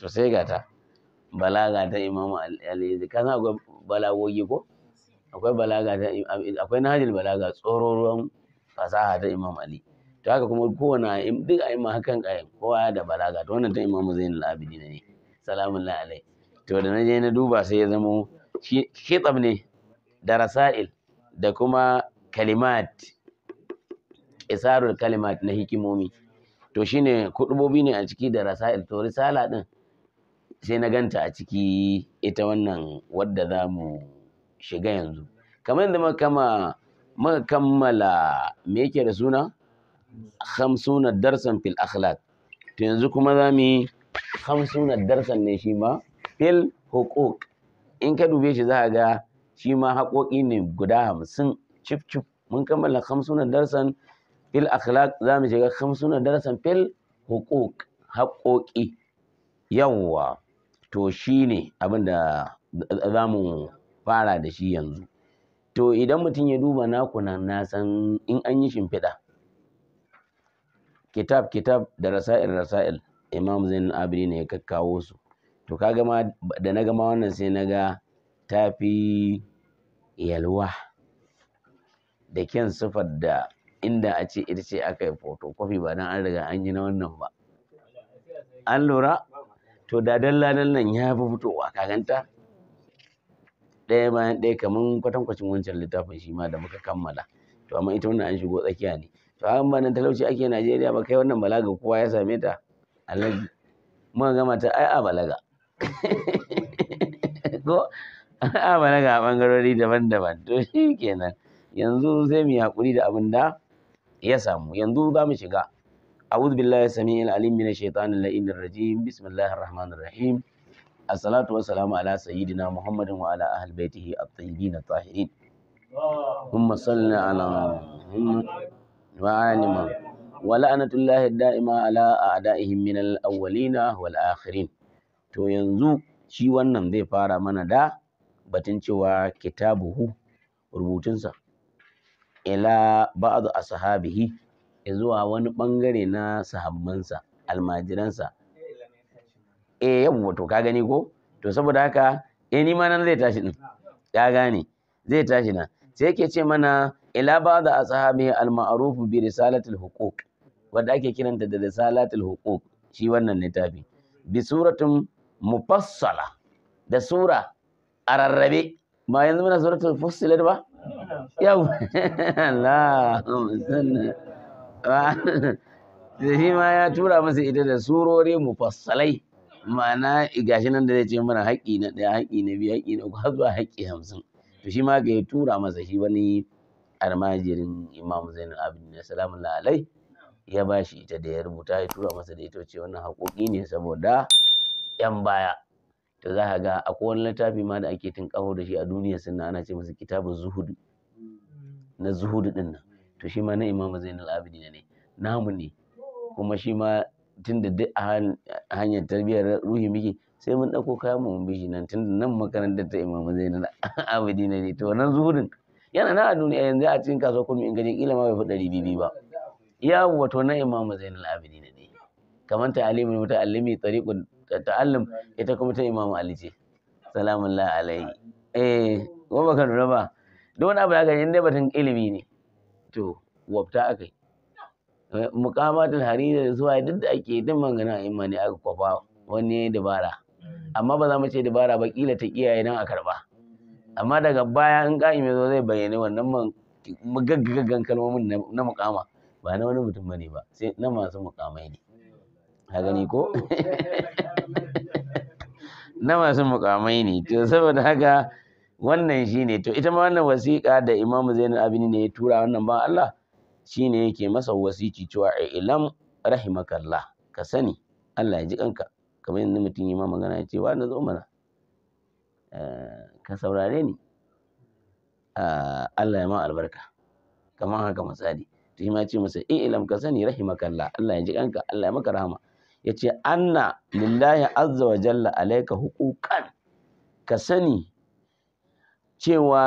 to sai ga ta balaga ta imamu al-yazdi ka san akwai balagogi ko akwai balaga ta akwai nahjul balaga tsororon fasaha ta imam ali to haka kuma kowane duk a'imma hakan kayan kowa da balaga to wannan ta imamu zainul abidin ne salamun alai to da na je na duba sai ya zamo khitab ne da rasail da kuma kalimat isarul kalimat na hikimomi to shine kudubobi ne a ciki da rasail to risala din sai na ganta a ciki ita wannan wadda za mu shiga yanzu kamar yadda muka kama kammala me yake da suna khamsuna darsan fil akhlaq to yanzu kuma za mu yi darsan ne shi ma fil huquq in ka dube shi za ka ga shi ma haƙoƙi ne guda hamsin cif cif mun kammala khamsuna darsan fil akhlaq za mu shiga khamsuna darsan fil huquq haƙoƙi yawwa to shi ne abin da za mu fara da shi yanzu to idan mutum ya duba naku nan na san in an yi shimfiɗa kitab kitab da rasa'il rasa'il imam zainul abidin ne ya kakkawo su to kaga ma da na gama wannan sai na ga tafi yalwa da kyan sifar da inda a ce ita ce aka yi foto-kwafi, ba dan an riga an yi na wannan ba an lura to da dalla nan ya fi fitowa ka ganta ɗaya bayan ɗaya kaman kwatankwacin wancan littafin shi ma da muka kammala to amma ita wannan an shigo tsakiya ne to an ba nan talauci ake Najeriya ba kai wannan balaga kowa ya same ta alhaji muka gama ta ai a balaga ko a balaga a bangarori daban-daban to shi kenan yanzu sai mu yi haƙuri da abin da ya samu yanzu za mu shiga أعوذ بالله السميع العليم من الشيطان اللئيم الرجيم بسم الله الرحمن الرحيم الصلاة والسلام على سيدنا محمد وعلى أهل بيته الطيبين الطاهرين ثم صلنا على محمد وعلى محمد ولعنة الله الدائمة على أعدائهم من الأولين والآخرين to yanzu shi wannan zai fara mana da batun cewa kitabuhu rubutunsa ila ba'd ashabihi zuwa wani bangare na sahabbansa almajiransa eh yabo to ka gani ko to saboda haka eh ni ma nan zai tashi din ka gane zai tashi nan sai yake ce mana ila ba'da ashabi alma'ruf bi risalatil huquq wanda ake kiranta da risalatil huquq shi wannan littafi bi suratun mufassala da sura a rarrabe ba yanzu muna suratul fussilat ba yau Allah shi ma ya tura masa ita da surori mufassalai ma'ana gashi nan da zai ce mana haƙi na ɗaya haƙi na biyu haƙi na uku har zuwa haƙi hamsin to shi ma ga ya tura masa shi wani almajirin imam zainul abidin Da salamu lalai ya ba shi ita da ya rubuta ya tura masa da ita ce wannan haƙoƙi ne saboda yan baya to za ka ga akwai wani littafi ma da ake ƙaho da shi a duniya sunna ana ce masa kitabun zuhudu na zuhudu ɗin nan to shi ma na imamu zainul abidin ne namu ne kuma shi ma tun da duk a hanyar tarbiyyar ruhi muke sai mun ɗauko kaya mu mun bi nan tun da nan makarantar ta imamu zainul abidin ne to nan zuhurin yana na a duniya yanzu a cikin kasuwar kurmi in gani kila ma bai fi ɗari biyu ba ya wato na imamu zainul abidin ne kamar ta'alimin muta'allimi tariqul ta'allum ita kuma ta imamu ali ce salamun la eh ko baka lura ba duk wani abu ya gani dai batun ilimi ne to wabta aka yi eh, mukamatul harira da suwaye duk da ake din mangana a imani aka kwafa wani ya dabara amma ba za mu ce dabara ba kila ta kiyaye nan a karba amma daga baya in ƙa'im ya zo zai bayyane wannan gaggagaggan kalmomin na mukama ba na wani mutum bane ba sai na masu mukamai ne ka gani ko na masu mukamai ne to saboda haka wannan shine to ita ma wannan wasiƙa da Imam Zainul Abini ne ya tura wannan ba Allah shine yake masa wasiƙi cewa ilam rahimakallah ka sani Allah ya ji kanka kamar yanzu mutum yi ma magana ya ce wa na zo mana eh, ka saurare ni ah, Allah ya ma albarka kamar haka misali to shi ma ce masa ilam ka sani rahimakallah Allah ya ji kanka Allah ya maka rahama yace anna lillahi azza wa jalla alaika huquqan ka sani cewa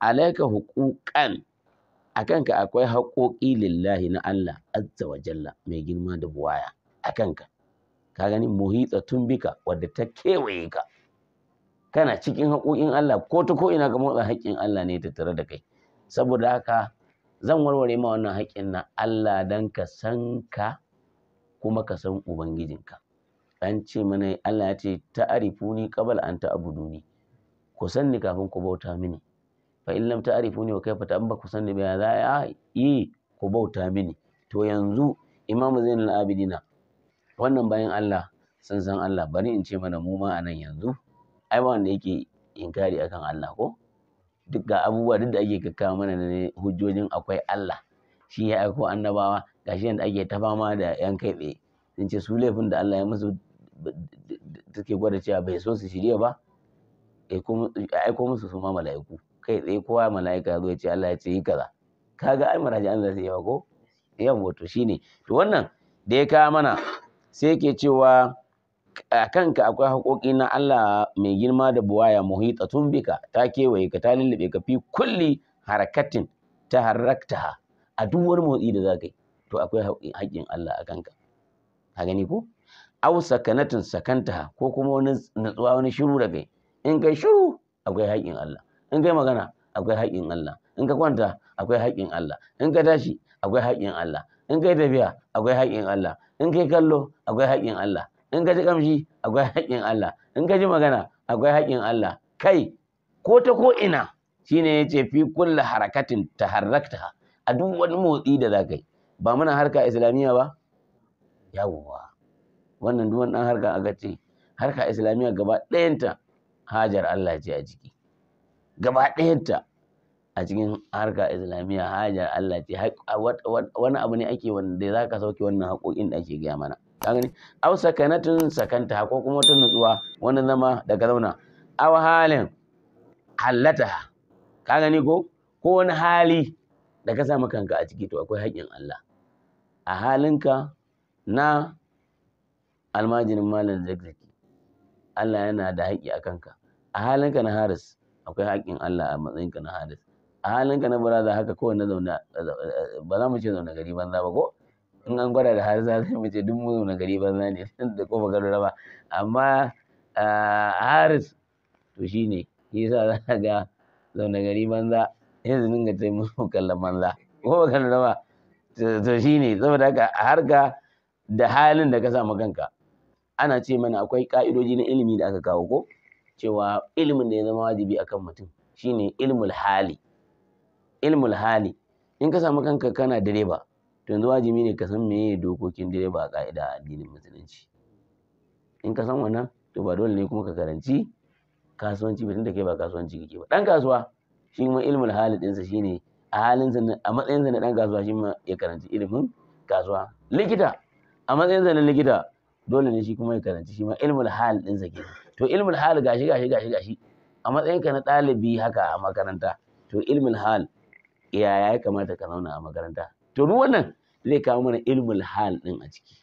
alaika a akanka akwai haƙoƙi lillahi na Allah azza wa jalla mai girma da buwaya A akanka ka gani muhitsa tun bika wadda ta kewaye ka kana cikin haƙoƙin Allah ko ta ko ina ka motsa haƙƙin Allah ne tare da kai saboda haka zan warware ma wannan haƙƙin na Allah dan ka san ka kuma ka san ubangijinka an ce mana Allah ya ce ta'arifuni qabla an ta'buduni ku sanni kafin ku bauta mini fa in lam ta'rifuni wa kayfa ta ku sanni ba za a yi ku bauta mini to yanzu imamu zainul abidina wannan bayan Allah san san Allah bari in ce mana mu ma anan yanzu ai ba wanda yake inkari akan Allah ko duk ga abubuwa duk da ake kakka mana ne hujjojin akwai Allah shi ya aiko annabawa gashi yadda ake ta fama da yan kai tsaye sun ce su laifin da Allah ya musu take gwada cewa bai so su shirya ba aiko musu su ma mala'iku kai tsaye kowa mala'ika zo ya ce Allah ya ce yi kaza kaga ai maraji an zai yawa ko yawa to shine to wannan da ya kawo mana sai yake cewa a kanka akwai haƙoƙi na Allah mai girma da buwaya muhita tun bika ta kewaye ka ta lullube ka fi kulli harakatin ta harakta, a duk wani motsi da za ka yi to akwai haƙƙin Allah a kanka ka gani ko au sakanatin sakantaha ko kuma wani natsuwa wani shiru da kai in kai shiru akwai haƙƙin Allah in kai magana akwai haƙƙin Allah in ka kwanta akwai haƙƙin Allah in ka tashi akwai haƙƙin Allah in kai tafiya akwai haƙƙin Allah in kai kallo akwai haƙƙin Allah in ka ji kamshi akwai haƙƙin Allah in ka ji magana akwai haƙƙin Allah kai ko ta ko ina shine yace fi kulli harakatin taharrakta a duk wani motsi da za yi ba muna harka islamiyya ba yawwa wannan duk wani harka aka ce harka islamiyya gaba ɗayanta hajar Allah ce a ciki gaba ɗayanta a cikin harka islamiyya hajar Allah ce wani abu ne ake wanda za ka sauke wannan haƙoƙin da ake gaya mana gani au sakanatun sakanta ko kuma wata nutsuwa wani zama daga zauna au halin hallata ka gani ko ko wani hali da ka samu kanka a ciki to akwai haƙƙin Allah a halinka na almajirin malam zakzaki Allah yana da haƙƙi a kanka a halinka na haris akwai haƙƙin Allah a matsayinka na haris a halinka na baraza haka kowane na zauna ba za mu ce zauna gari banza ba ko in an gwada da haris za mu ce duk mu zauna gari banza ne da kofa gado raba amma a haris to shi ne shi yasa za ga zauna gari banza yanzu dinga ce musu kallon banza ko ba kallon ba to shi ne saboda haka harka da halin da ka sa kanka ana ce mana akwai ka'idoji na ilimi da aka kawo ko cewa ilimin da ya zama wajibi akan mutum shine ilmul hali ilmul hali in ka samu kanka kana direba to yanzu wajibi ne ka san meye dokokin direba a ka'ida a addinin musulunci in ka san wannan to ba dole ne kuma ka karanci kasuwanci ba tunda kai ba kasuwanci kake ba dan kasuwa shi kuma ilmul hali ɗinsa shine a halinsa a matsayinsa na dan kasuwa shi ma ya karanci ilimin kasuwa likita a matsayinsa na likita dole ne shi kuma ya karanci shi ma ilmul hal din zake to ilmul hal gashi gashi gashi gashi a matsayin ka na ɗalibi haka a makaranta to ilmul hal ya ya kamata ka zauna a makaranta to duk wannan zai kawo mana ilmul hal din a ciki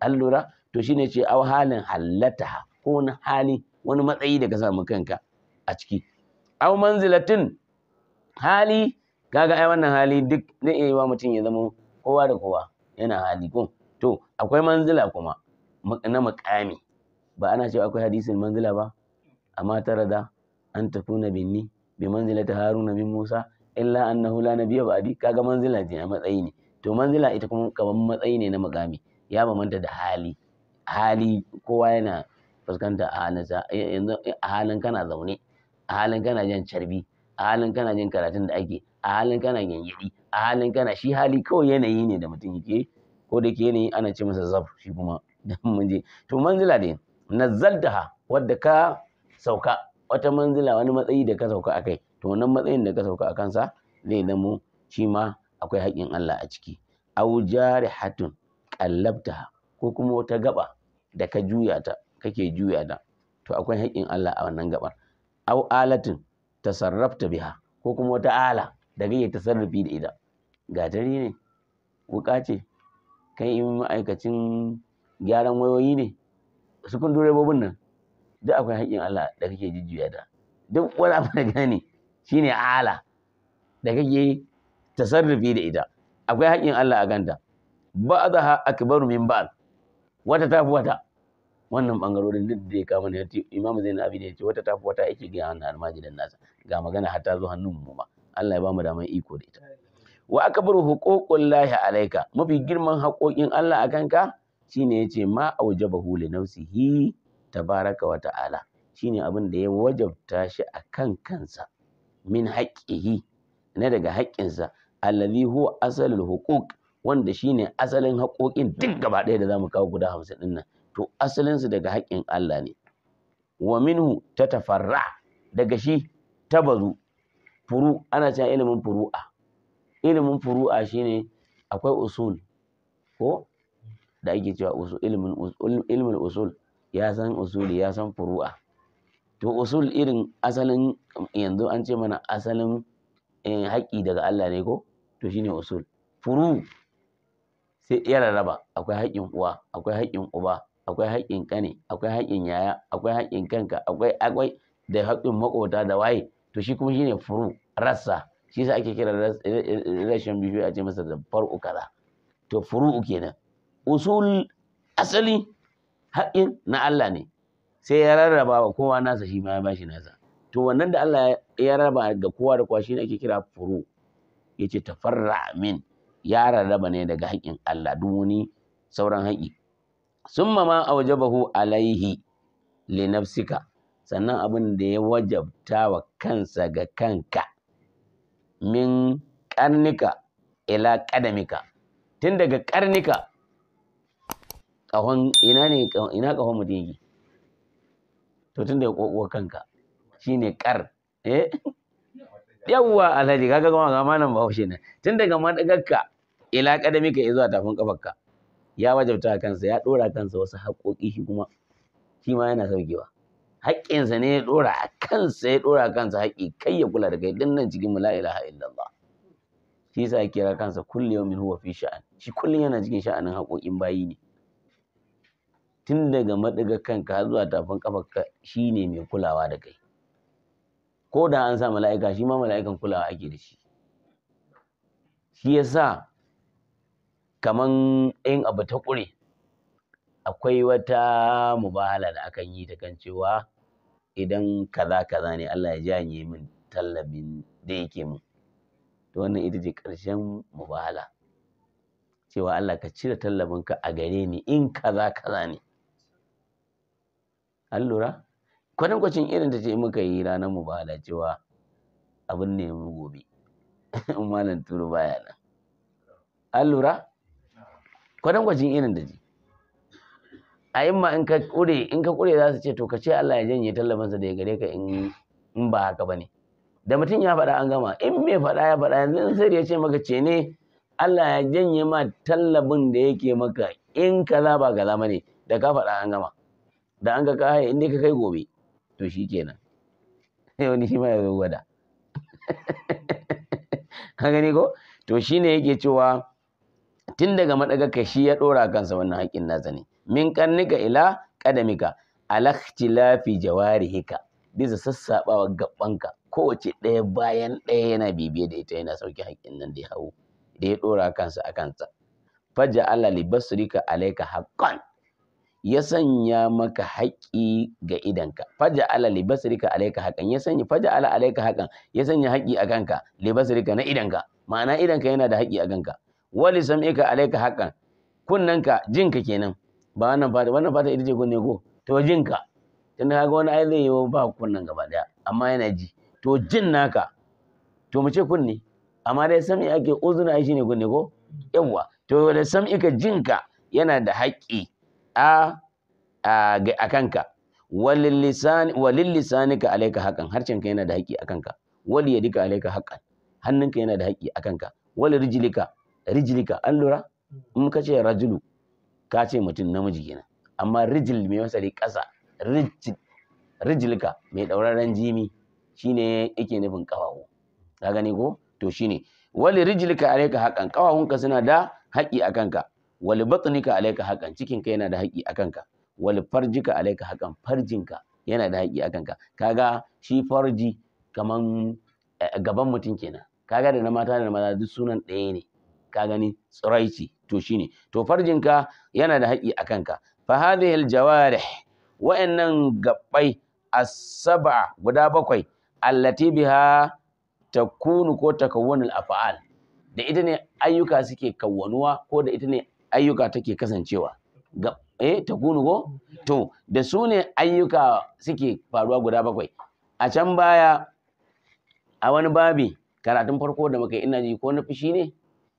Allura lura to shine ce au halin hallata ko wani hali wani matsayi da ka samu kanka a ciki au manzilatin hali kaga ai wannan hali duk zai iya wa mutum ya zama kowa da kowa yana hali ko to akwai manzila kuma na makami ba ana cewa akwai hadisin manzila ba amma tara da an na binni bi ta haruna bin musa illa annahu la ba ba'di kaga manzila ce a matsayi ne to manzila ita kuma kaman matsayi ne na makami ya mamanta da hali hali kowa yana fuskanta eh, eh, a halin kana zaune a halin kana jan carbi a halin kana jin karatun da ake a halin kana gyangyaɗi a halin kana shi hali kawai yanayi ne da mutum yake ko da ke yanayi ana ce masa zaf shi kuma mun je to manzila ne nazzaltaha wadda ka sauka wata manzila wani matsayi da ka sauka akai to wannan matsayin da ka sauka a kansa zai mu shi ma akwai haƙƙin Allah a ciki au jarihatun qallabtaha ko kuma wata gaba da ka juya ta kake juya ta to akwai haƙƙin Allah a wannan gabar au alatin tasarrafta biha ko kuma wata ala da kake tasarrufi da ita gadari ne wuka ce kai in ma'aikacin gyaran wayoyi ne sufin direbobin nan duk akwai haƙƙin Allah da kake jujjuya da duk wani abu da gani shine ala da kake tasarrufi da ita akwai haƙƙin Allah a ganta ba'daha akbaru min ba'd wata tafi wata wannan bangarorin duk da ya kama ne imamu zai na abin ya ce wata tafi wata ake gaya wannan almajirin nasa ga magana har ta zo hannun mu ma Allah ya bamu damar iko da ita wa aka akbaru huququllahi alayka mafi girman haƙoƙin Allah a kanka shine yace ma aujabahu li nafsihi tabaraka wa ta'ala shine abin da ya wajabta shi a kan kansa min haqqihi na daga haƙƙinsa allazi huwa asalul huquq wanda shine asalin haƙoƙin duk gaba ɗaya da zamu kawo guda hamsin ɗin nan to asalinsu daga haƙƙin Allah ne wa minhu tatafarra daga shi tabazu furu ana cewa ilimin furu'a ilimin furu'a shine akwai usul ko da ake cewa ilmin usul ilmin ya san usuli ya san furu'a to usul irin asalin yanzu an ce mana asalin eh, haƙƙi daga Allah ne ko to shine usul furu sai ya rarraba akwai haƙƙin uwa akwai haƙƙin uba akwai haƙƙin kane, akwai haƙƙin yaya akwai haƙƙin kanka akwai akwai da haƙƙin makota da waye to shi kuma shine furu rassa shi yasa ake kira rashin bishiyoyi a ce masa da far'u kaza to furu'u kenan usul asali haƙƙin na Allah ne sai ya rarraba wa kowa nasa shi ma ya bashi nasa to wannan da Allah ya raba ga kowa da kowa shi ake kira furu yace tafarra min ya rarraba ne daga haƙƙin Allah duk wani sauran haƙƙi summa ma awjabahu alaihi li nafsika sannan abin da ya wajabta wa kansa ga kanka min karnika ila kadamika tun daga karnika ƙahon ina ne ina ƙahon mu dingi to tun da ya ƙoƙuwa kanka shine ƙar eh yawwa alhaji kaga kuma ga ba bahaushe ne tun daga madagarka ila kadami ka zuwa tafin kafarka ya wajabta kansa ya dora kansa wasu haƙoƙi shi kuma shi ma yana saukewa haƙƙinsa ne ya dora a kansa ya dora kansa haƙƙi kai ya kula da kai din nan cikin la ilaha illallah shi yasa kira kansa kullu yawmin huwa fi sha'an shi kullun yana cikin sha'anin haƙoƙin bayi ne tun daga maɗiga kanka har zuwa tafin ƙafarka shi ne mai kulawa da kai ko da an sa mala'ika shi ma mala'ikan kulawa ake da shi shi yasa kaman in abu ta ƙure akwai wata mubahala da akan yi ta kan cewa idan kaza kaza ne Allah ya janye min tallabin da yake min to wannan ita ce ƙarshen mubahala cewa Allah ka cire tallabinka a gare ni in kaza kaza ne an lura kwacin irin ta ce muka yi ranar da cewa abin ne mu gobe in malam turu baya nan an lura kwacin irin ta ce a yin ma in ka kure in ka kure za su ce to ka ce Allah ya janye tallafinsa da ya gare ka in ba haka ba ne da mutum ya faɗa an gama in mai faɗa ya faɗa yanzu in sai ya ce maka ce ne Allah ya janye ma tallabin da yake maka in kaza ba kaza ne da ka faɗa an gama da an ga kaya inda ka kai gobe to shi kenan sai wani shi ma ya zo gwada ka gani ko to shi ne yake cewa tun daga madagarka shi ya dora kansa wannan haƙin nasa ne min karnika ila kadamika alakhtilafi jawarihika bisa sassabawa gabanka kowace ɗaya bayan ɗaya yana bibiye da ita yana sauki haƙin nan da ya hawo da ya dora kansa a kansa faja Allah libasrika alayka haqqan ya sanya maka haƙƙi ga idanka faja ala libasrika alayka haƙan ya sanya faja ala alayka haƙan ya sanya haƙƙi a kanka libasrika na idanka ma'ana idanka yana da haƙƙi a kanka wali sam'ika alayka haqqan kunnanka jinka kenan ba wannan fata wannan fata ita ce kunne ko to jinka tun kaga wani ai zai yi ba kunnan gaba daya amma yana ji to jin naka to mu ce kunne amma dai sam'i ake uzuna shi ne kunne ko yawwa to da sam'ika jinka yana da haƙƙi a a kanka walillisanika alaika walil lisanika alayka yana da haƙi a kanka waliyadika alaika alayka hannunka yana da haƙi a kanka wal rijilika an lura in ka ce rajulu ka ce mutum namiji kenan amma rijil mai wasari ƙasa rijilika mai ɗauraren jimi shine yake nufin ƙafafu ka gani ko to shine wal rijlika alayka haqqan ƙafafunka suna da haƙi a kanka. Wali batnika alayka haqqan cikin yana da haƙi akan ka Wali farjika alayka haqqan farjinka yana da haƙi akan ka kaga shi farji kaman eh, gaban mutum kenan kaga da na mata da na maza duk sunan ɗaya ne ka gani tsiraici to shine to farjinka yana da haƙi akan ka fa hadhihi al jawarih wa'annan gabbai as-sab'a guda bakwai allati biha takunu ko takawunul af'al da ita ne ayyuka suke kawwanuwa ko da ita ne ayyuka take kasancewa eh ta kunu go to da su ne ayyuka suke faruwa guda bakwai a can baya a wani babi karatun farko da muka ina ji ko na fushi ne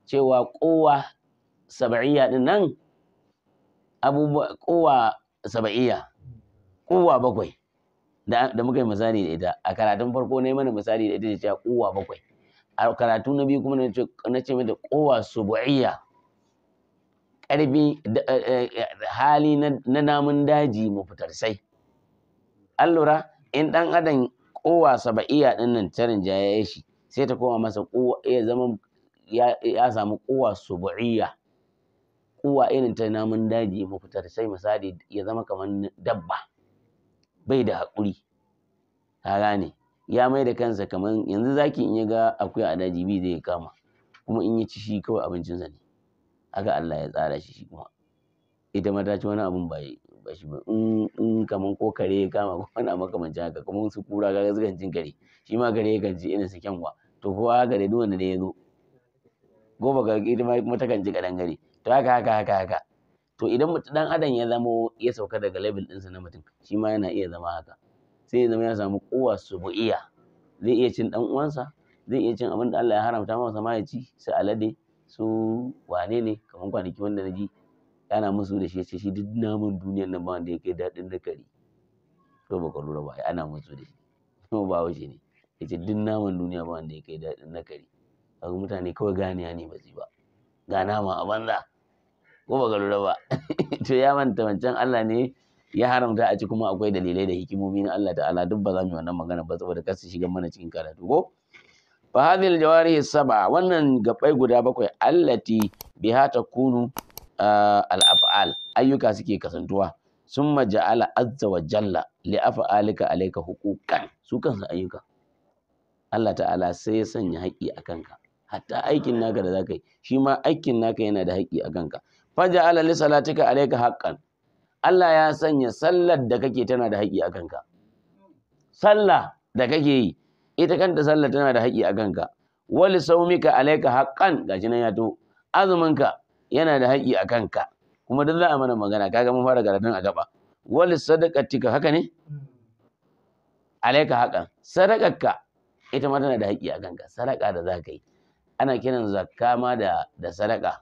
cewa kowa sab'iyya din nan abubuwa kowa sab'iyya kowa bakwai da muka yi misali da ita a karatun farko ne mana misali da ita da cewa kowa bakwai a karatu na biyu kuma na ce mata kowa subu'iyya ƙarfi eh, eh, eh, hali na namun daji mu fitar sai an in ɗan adam kowa saba'iya ɗin nan ta jayaye shi sai ta koma masa kowa ya zama ya samu kowa subu'iyya kowa irin ta namun daji mu fitar sai misali ya zama kamar dabba bai da haƙuri ka gane ya mai da kansa kamar yanzu zaki in ya ga akuya a daji bi zai kama kuma in ya ci shi kawai abincinsa ne haka Allah ya tsara shi shi kuma ita ma ta ci wani abun ba ba shi ba in in kaman ko kare ya kama ko wani makamancin haka kuma su kura ga sukan cin kare shi ma kare yakan ci irin su kyanwa to kowa haka dai duk wanda ya zo gobe ga ita ma kuma takan ji kadan gare to haka haka haka haka to idan mutum dan adam ya zamo ya sauka daga level ɗinsa na mutum shi ma yana iya zama haka sai ya zama ya samu kowa su bu'iya zai iya cin dan uwansa zai iya cin abin da Allah ya haramta masa ma ya ci su alade su wane ne kamar kwanaki wanda na ji yana musu da shi ya ce shi duk namun duniyan nan ba wanda ya kai daɗin na kare to ba lura ba ana musu da shi to ba wuce ne ya ce duk namun duniya ba wanda ya kai daɗin na kare kaga mutane kawai ganiya ne ba su ba ga nama a banza ko ba lura ba to ya manta wancan Allah ne ya haramta a ci kuma akwai dalilai da hikimomi na Allah ta'ala duk ba za mu yi wannan magana ba saboda kar su shiga mana cikin karatu ko fa hadhil jawarihi sab'a wannan gabai guda bakwai allati biha takunu al-af'al ayyuka suke kasantuwa summa ja'ala azza wa jalla li af'alika alayka huquqan su kansu ayyuka Allah ta'ala sai ya sanya haƙƙi a kanka hatta aikin naka da zaka yi shi ma aikin naka yana da haƙƙi a kanka fa ja'ala li salatika alayka haqqan Allah ya sanya sallar da kake tana da haƙƙi a kanka sallah da kake yi ita kanta sallah tana da haƙƙi a kanka wali saumika alaika haqqan gashi nan ya to azuminka yana da haƙƙi a kanka kuma duk za a mana magana kaga mun fara karatun a gaba wali sadaqatika haka ne alayka haqqan sadaqarka ita ma tana da haƙƙi a kanka sadaqa da za ka yi ana kiran zakka ma da da sadaqa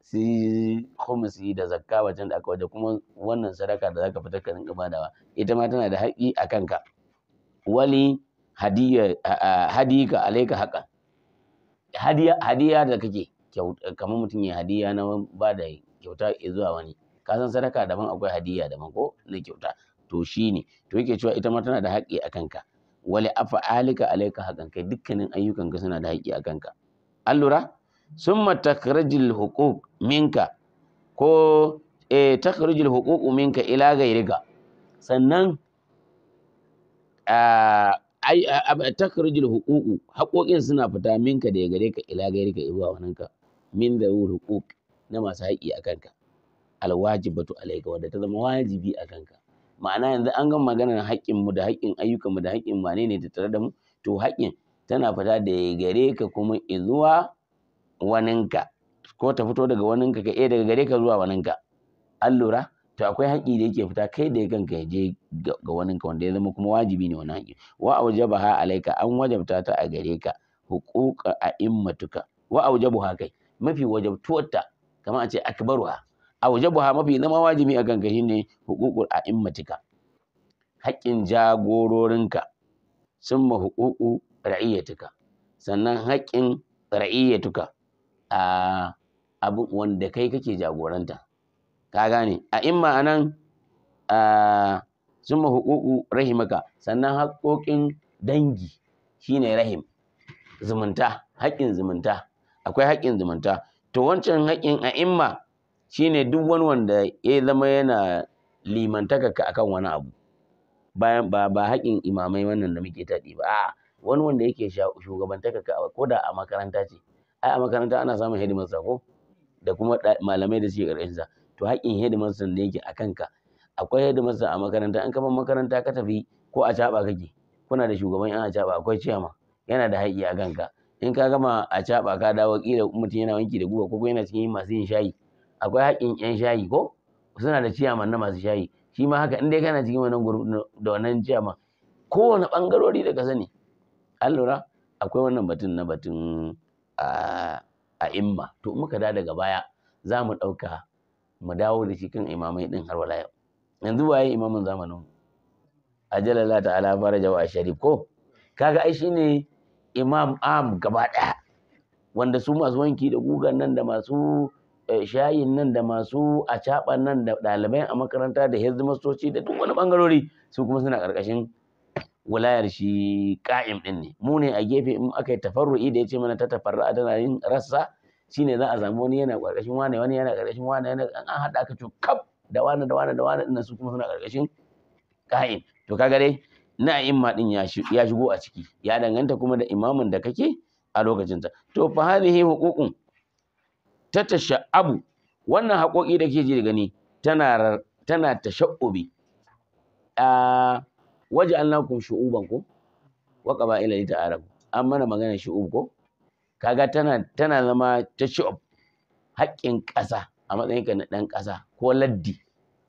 si khumsi da zakka wajen da aka waje kuma wannan sadaka da zaka fitar ka rinka badawa ita ma tana da haƙƙi a kanka wali hadiya alaika haka hadiya hadiya da kake kamar mutum ya hadiya na ba da kyauta zuwa wani ka sadaka daban akwai hadiya daban ko na kyauta to shi ne to yake cewa ita ma tana da haƙƙi a kanka wale afa alika alaika haƙan kai dukkanin ayyukan ka suna da haƙƙi a kanka an lura summa takrijil hukuk minka ko eh minka ila ghayrika sannan takrijul huququ haƙoƙin suna fita minka da gare ka ila gare ka zuwa ka min da huquq na masu haƙi a kanka alwajibatu alayka wanda ta zama wajibi a kanka ma'ana yanzu an ga maganar haƙƙin mu da haƙƙin ayyukan mu da haƙƙin wane ne tattare da mu to haƙƙin tana fita da gare ka kuma zuwa waninka ko ta fito daga waninka ka eh daga gare ka zuwa waninka an lura to akwai haƙƙi da yake fita kai da ya kanka ya je ga wani ka wanda ya zama kuma wajibi ne wani haƙƙi wa aujabaha alaika an wajabta ta a gare ka huquqa immatuka wa ha kai mafi wajabtuwarta kamar a ce akbaruha ha mafi zama wajibi a kanka shine huququl immatuka haƙƙin jagororinka summa huququ ra'iyyatika sannan haƙƙin ra'iyyatuka a ah, abin wanda kai kake jagoranta ka gane a imma anan a ma hukuku rahimaka sannan haƙoƙin dangi shine rahim zumunta haƙƙin zumunta akwai haƙƙin zumunta to wancan haƙƙin a imma shine duk wani wanda ya zama yana limantaka ka akan wani abu bayan ba ba haƙƙin imamai wannan da muke taɗi ba a'a wani wanda yake shugabantaka ka ko a makaranta ce ai a makaranta ana samun hidimar sako da kuma malamai da suke ƙarƙashin sa to haƙƙin headmaster ne yake a kanka akwai headmaster a makaranta An kama makaranta ka tafi ko a caɓa kake kuna da shugaban yan a caɓa akwai ciyama yana da haƙƙi a kanka in ka gama a caɓa ka dawo ƙila mutum yana wanki da guba ko kuma yana cikin masu yin shayi akwai haƙƙin yan shayi ko suna da ciyaman na masu shayi shi ma haka in dai kana cikin wannan gurbi da wannan ciyama. kowane ɓangarori da ka sani an lura akwai wannan batun na batun a ah, imma to muka da daga baya za mu ɗauka mu dawo da shi kan imamai din har wala yau yanzu waye imamin zamanin ta ta'ala faraja wa sharif ko kaga ai shine imam am gaba daya wanda su masu wanki da gugan nan da masu eh, shayin nan da masu caban nan da ɗalibai a makaranta da hizmastoci da duk wani bangarori su kuma suna karkashin wulayar shi ka'im din ne mu ne a gefe in aka yi tafarru'i da ya ce mana ta tafarru'a tana yin rassa shine za a samu wani yana ƙarƙashin wane wani yana ƙarƙashin wane yana an haɗa ka to kaf da wane da wane da wane ɗin su kuma suna ƙarƙashin ka'in to kaga dai na imma din ya shigo a ciki ya danganta kuma da imamin da kake a lokacin ta to fa hadhihi huququn tatasha'abu wannan haƙoƙi da ke ji da gani tana tana tasha'ubi a waja'alnakum shu'uban ko wa qaba'ila ta'arabu an mana magana shu'ub ko kaga tana tana zama ta ci haƙƙin ƙasa a matsayinka na ɗan ƙasa ko laddi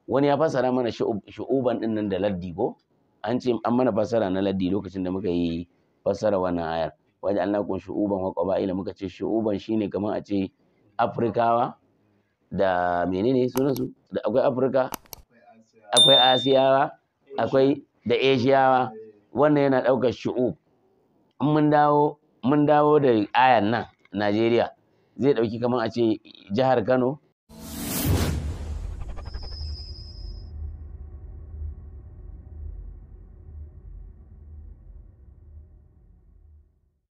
wani ya fassara mana shu'uban din nan da laddi ko an ce an mana fassara na laddi lokacin da muka yi fassara wannan ayar wajen Allah kun shu'uban wa qaba'ila muka ce shu'uban shine kamar a ce Afrikawa da menene sunan su da akwai Afrika akwai Asiyawa akwai da Asiyawa wannan yana ɗaukar shu'ub in mun dawo mun dawo da ayan nan Najeriya zai ɗauki kamar a ce jihar Kano